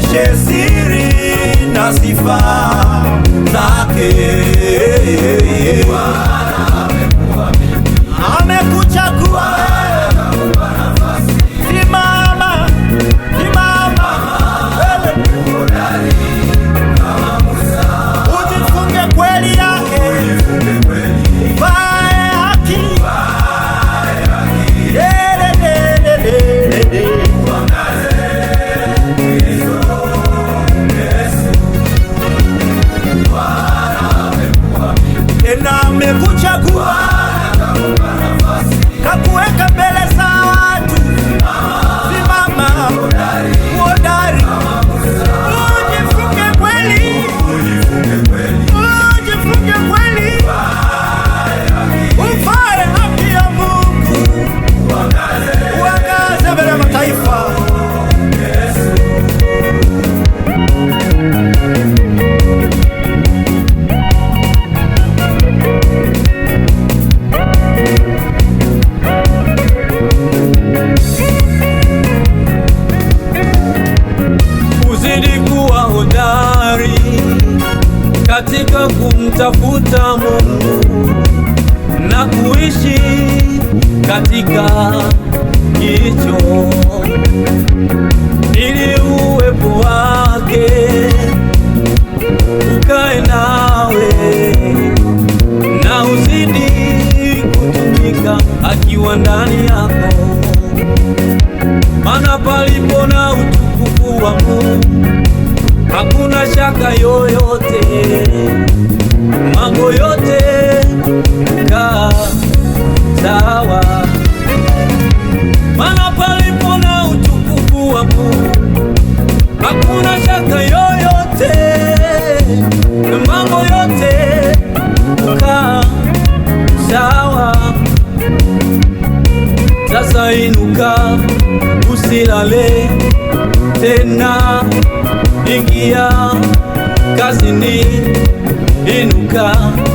nionyeshe siri na sifa zake. kumtafuta Mungu na kuishi katika kicho ili uwepo wake ukae nawe na uzidi kutumika akiwa ndani yako, mana palipo na utukufu wa Mungu bila shaka yoyote, mambo yote ka sawa, mana palipo na utukufu wa Mungu hakuna shaka yoyote, mambo yote ka sawa. Sasa inuka, usilale tena, ingia God.